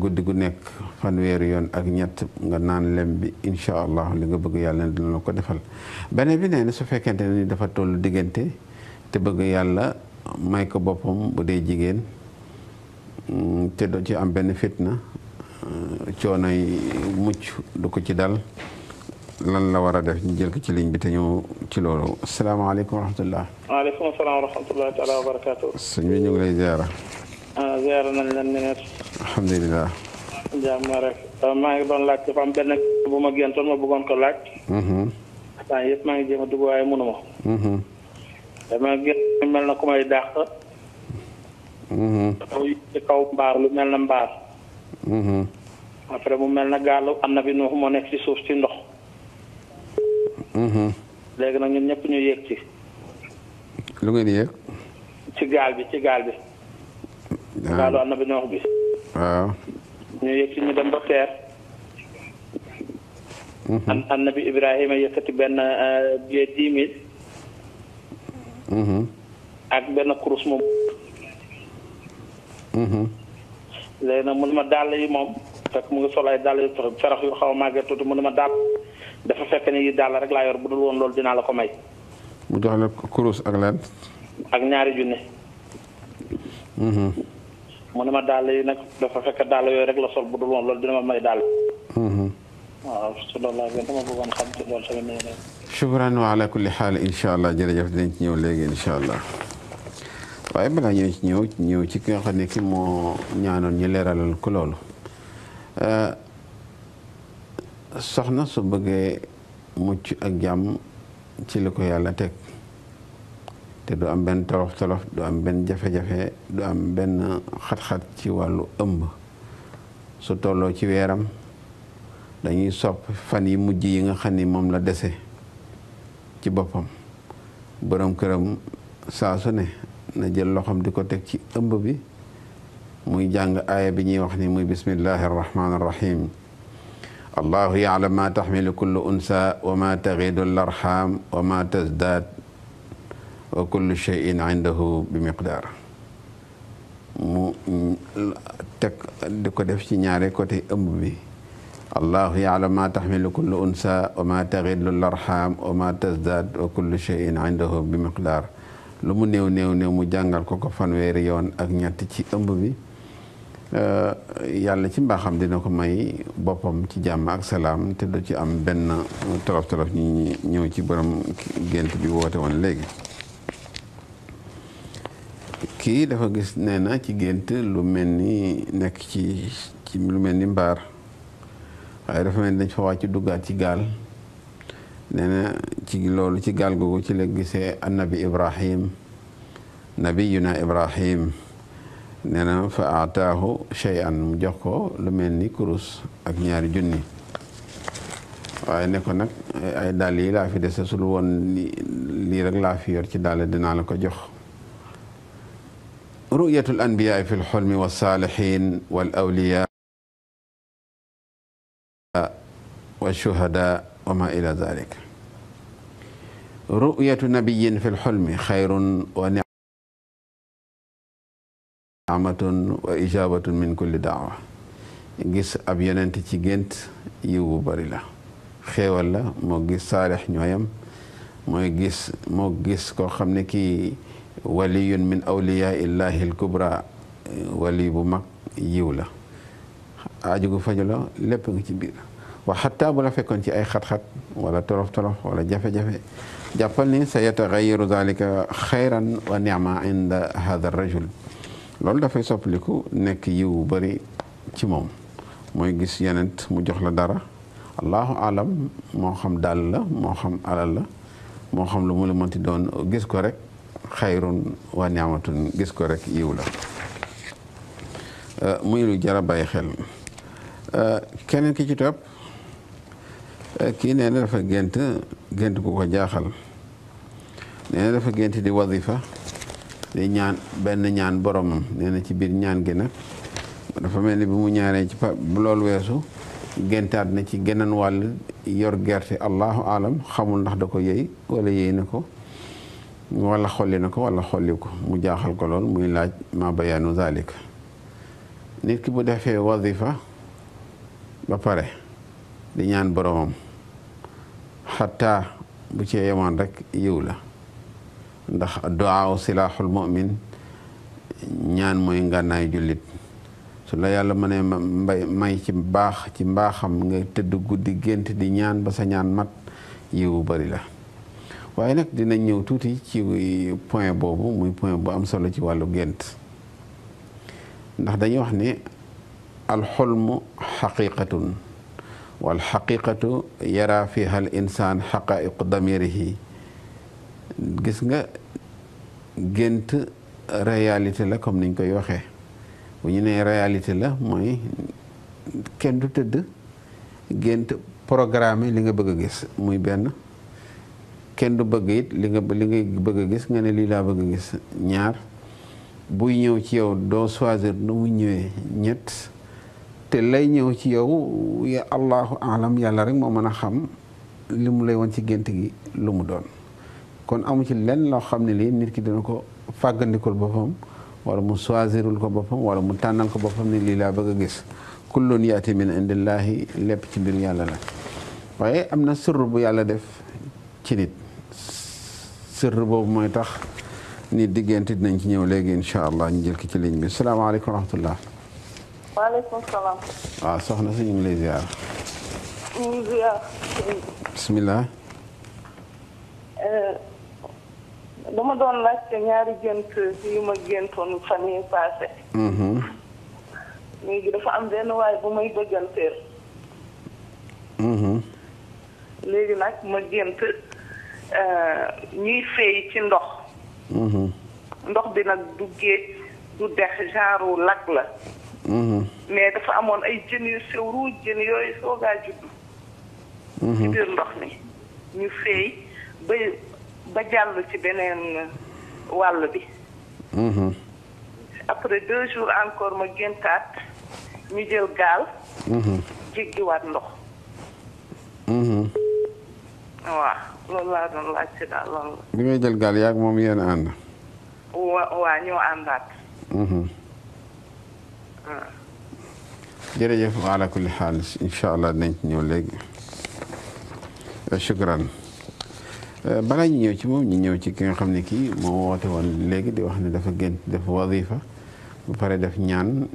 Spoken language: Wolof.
guddi gu nekk fanweeri yoon ak ñett nga naan lem bi incha allah li nga bëgg yàlla dina la ko defal beneen bi su fekkente ne ni dafa tollu diggante te bëgg yàlla may ko boppam bu dee jigéen mm, te do ci am benn fitna euh, yi mucc du ko ci dal lan la war a def ñu jël ko ci ligne bi te ñëw ci loolu salaamaaleykum wa rahmatullah waaleykum salaam wa rahmatullah taala wa barakaatu sëñ bi ñu ngi lay ziara ah, ziara alhamdulilah. jàmm rek maa ngi doon laaj dafa am benn bu ma géntoon ma bëggoon ko laaj. Mhm. temps maa ngi jéem a dugg waaye mënu ma. Mhm. dama génn mel na ku may dàq. Mhm. dafa ci kaw mbaar lu mel na mbaar. après mu mel na gaalu annabi Nuux moo nekk ci suuf si ndox. léegi nag ñun ñëpp ñu yéeg ci. lu ngeen yéeg. ci gaal bi ci gaal bi. Ah. gaalu annabi Nuux bi. waaw. ñu yëg si dem ba teer. Mhm. an annabi Ibrahima yëkkati benn euh, billet dix mille. Mhm. ak benn kurus moom. Mhm. léegi nag mënuma dàll yi moom fekk mu ngi sol ay dàll yu ferax yu xaw a màggee tuuti mënuma dàll dafa fekk ni yi dàll rek laa yor bu dul woon loolu dinaa la ko may. mu jox la kurus ak lan. ak ñaari junne. mu ne ma dàll yi nag dafa fekk dàll yooyu rek sol bu dul woon loolu dina ma may dàll. Mhm. waaw su loolu gën dama bëggoon xam ci loolu tamit nii. shukran wa ala xaal incha allah jërëjëf ci ñëw léegi incha allah waaye balaa ñëw ci ñëw ñëw ci ki nga xam ne ki moo ñaanoon ñu leeralal ko soxna su bëggee mucc ak jàmm ci li ko yàlla teg. te du am benn tolof tolof du am benn jafe-jafe du am benn xat-xat ci wàllu ëmb su tolloo ci weeram dañuy sopp fan yi mujj yi nga xam ni moom la dese ci boppam borom këram saa ne na jël loxoom di ko teg ci ëmb bi muy jàng aaya bi ñuy wax ni muy bismillahi arrahmani arrahim allahu yaalam ma taxmilu kullu unsa wa ma taxidu larxam wa ma tasdaad wa kullu shay'in indahu bi miqdaar mu teg ko def ci ñaare côté ëmb bi allahu yaalam ma taxmilu kullu unsa wa ma taxidu larxam wa ma tasdaad wa kullu shay'in indahu bi lu mu néew néew néew mu jàngal ko ko fanweeri yoon ak ñett ci ëmb bi eh, yàlla ci mbaxam dina ko may boppam ci jàmm ak salaam te du ci am benn tolof tolof ñi ñëw ci borom gént bi woote woon léegi kii dafa gis nee na ci gént lu mel ni nekk ci lu mel ni mbaar waaye dafa mel ni dañ fa wàcc duggaat ci gaal nee ci loolu ci gaal googu ci la gisee annabi ibrahim nabiyuna ibrahim nee na fa ataahu shay'an mu jox ko lu mel ni kurus ak ñaari junni waaye ne ko nag ay dàll yi laa fi dese sul woon lii rek laa fi yor ci dàll dinaa la ko jox رؤية الأنبياء في الحلم والصالحين والأولياء والشهداء وما إلى ذلك رؤية نبي في الحلم خير ونعمة وإجابة من كل دعوة gis ab yonent ci gént yiw bu bari la xéewal la moo gis saalix ñooyam mooy gis moo gis koo xam ne kii waliyun min awliyaa illahi alkubra wali bu mag yiw la aaju gu faju la lépp nga ci biir wa xataa bu la fekkoon ci ay xat-xat wala tolof-tolof wala jafe-jafe jàppal ni sa yatagayaru dalika xayran wa nicma inda hada rajul loolu dafay soppaliku nekk yiw bari ci moom mooy gis yenent mu jox la dara allahu alam moo xam dàll la moo xam alal la moo xam lu mu la mënti doon gis ko rek xayrun wa niamatun gis ko rek yiw la euh, muy lu jar a bàyyi xel euh, keneen ki ci topp euh, kii nee na dafa gént gént ku ko jaaxal nee na dafa gént di wazifa di ñaan benn ñaan boromam nee ci biir ñaan gi nag dafa mel ni bi mu ñaaree ci pa bu loolu weesu géntaat na ci genan wàll yor gerte allahu alam xamul ndax da ko yey wala yey na ko wala xolli na ko wala xolli ko mu jaaxal ko lool muy laaj ma bayaanu zalik nit ki bu defee wazifa ba pare di ñaan boromam xataa bu ci yemoon rek yiw la ndax duwaaw silaaxul mu'min ñaan mooy ngànnaay jullit su la yàlla ma ne may ci baax ci mbaaxam nga tëdd guddi gént di ñaan ba sa ñaan mat yiw bu bari la waaye nag dinañ ñëw tuuti ci point boobu muy point bu am solo ci wàllu gént ndax dañuy wax ni alxulmu xaqiqatun wal xaqiqatu yara fiha al insaan xaqaiqu damirihi gis nga gént réalité la comme niñ koy waxee bu ñu nee réalité la mooy kenn du tëdd gént programme li nga bëgg a gis muy benn kenn du bëgg it li nga li ngay bëgg a gis nga ne lii laa bëgg a gis ñaar buy ñëw ci yow doo choisir nu mu ñëwee ñett te lay ñëw ci yow ya allahu alam yàlla rek moo mën a xam li mu lay woon ci gént gi lu mu doon kon amu ci lenn loo xam ne lii nit ki dina ko fàggandikul boppam wala mu choisirul ko boppam wala mu tànnal ko boppam ne lii laa bëgg a gis kullun yaati min indillahi lépp ci mbiru yàlla la waaye am na surr bu yàlla def ci nit sër boobu mooy tax ni diggante dinañ ci ñëw léegi incha allah ñu jël ki ci ligne bi salaamaaleykum wa rahmatullah. waaleykum salaam. waaw soxna si ñu ngi lay ziar. ñu euh, doon laajte ñaari gént yu ma géntoon fan yii passé. Mm-hmm. léegi dafa am benn waay bu may bëgganteel. Mm-hmm. léegi Euh, ñuy fay ci ndox. Mhm. ndox bi nag du géej du dex genre lag la. Mhm. mais dafa amoon ay jën yu sew ruuj jën yooyu soogaa juddu. Mhm. ci biir ndox mi ñu fay ba ba jàll ci beneen wàll bi. après deux jours encore ma géntaat ñu jël gaal. jéggiwaat ndox. waaw loolu laa doon laajte daal loolu la. bi ngay jël gaal yaa moom yéen a ànd. wa waa ñoo àndaat. Mhm. Ah. jërëjëf ala kulli xaal incha allah dinañ ci ñëw léegi. Eh, shukran eh, balaa ñu ñëw ci moom ñu ñëw ci ki nga xam ne kii moo woote woon léegi di wax ne dafa gént def wadifa bu pare def ñaan.